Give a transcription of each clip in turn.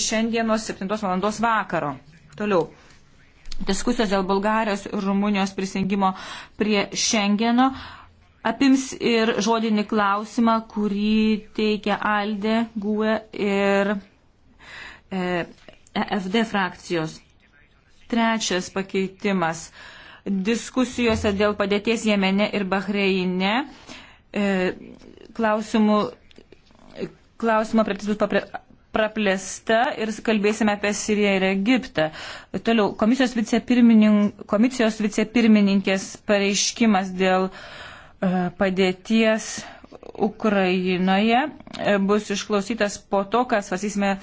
šiandienos 7 val. vakaro. Toliau. Diskusijos dėl Bulgarijos ir Rumunijos prisijungimo prie Šengeno apims ir žodinį klausimą, kurį teikia Alde, GUE ir e, EFD frakcijos. Trečias pakeitimas. Diskusijose dėl padėties Jemene ir Bahreine e, klausimų, e, klausimą prie, praplėsta ir kalbėsime apie Siriją ir Egiptą. Toliau, komisijos, vicepirmininink, komisijos vicepirmininkės pareiškimas dėl e, padėties Ukrainoje e, bus išklausytas po to, kas vasysime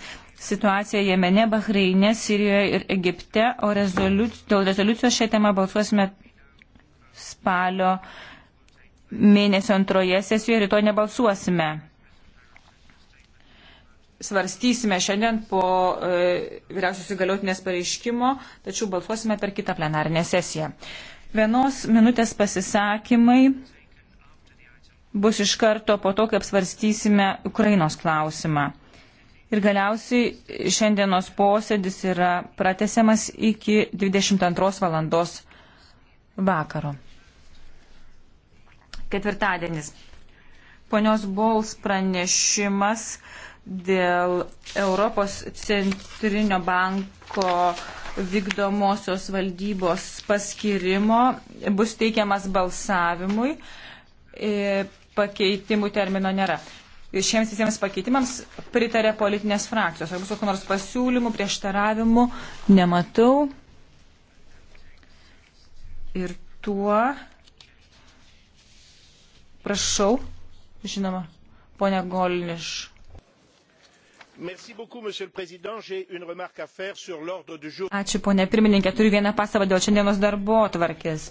situaciją Jemene, Bahreine, Sirijoje ir Egipte, o rezoliu, dėl rezoliucijos šią temą balsuosime spalio mėnesio antroje sesijoje, rytoj nebalsuosime svarstysime šiandien po e, vyriausios įgaliotinės pareiškimo, tačiau balsuosime per kitą plenarinę sesiją. Vienos minutės pasisakymai bus iš karto po to, kai apsvarstysime Ukrainos klausimą. Ir galiausiai šiandienos posėdis yra pratesiamas iki 22 valandos vakaro. Ketvirtadienis. Ponios Bols pranešimas dėl Europos centrinio banko vykdomosios valdybos paskirimo bus teikiamas balsavimui. E, pakeitimų termino nėra. Šiems visiems pakeitimams pritarė politinės frakcijos. Ar bus kokių nors pasiūlymų, prieštaravimų? Nematau. Ir tuo. Prašau, žinoma, ponia Golniš. Ačiū, ponė pirmininkė, turiu vieną pasavą dėl šiandienos darbo tvarkės.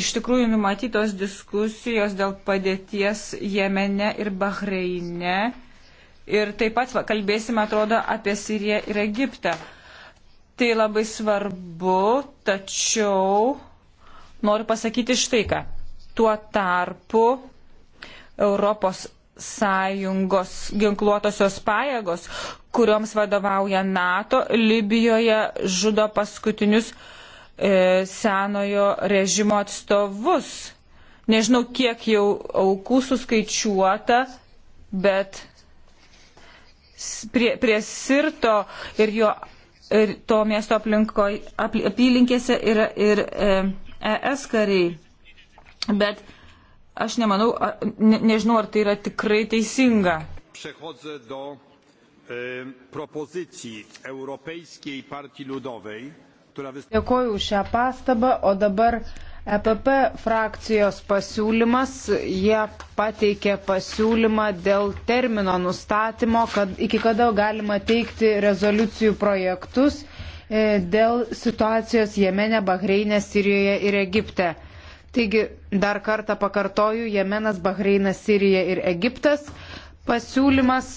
Iš tikrųjų numatytos diskusijos dėl padėties Jemene ir Bahreine. Ir taip pat kalbėsime, atrodo, apie Siriją ir Egiptą. Tai labai svarbu, tačiau noriu pasakyti štai ką. Tuo tarpu Europos sąjungos ginkluotosios pajėgos, kurioms vadovauja NATO, Libijoje žudo paskutinius e, senojo režimo atstovus. Nežinau, kiek jau aukų suskaičiuota, bet prie, prie Sirto ir jo ir to miesto aplinko, apylinkėse yra ir e, ES kariai. Bet Aš nemanau, ne, nežinau, ar tai yra tikrai teisinga. Przechodzę do e, propozycji Europejskiej Partii Ludowej, która wystąpi. Dėkoju už šią pastabą, o dabar EPP frakcijos pasiūlymas, jie pateikė pasiūlymą dėl termino nustatymo, kad iki kada galima teikti rezoliucijų projektus e, dėl situacijos Jemene, Bahreinė, Sirijoje ir Egipte. Taigi, dar kartą pakartoju, Jemenas, Bahreinas, Sirija ir Egiptas pasiūlymas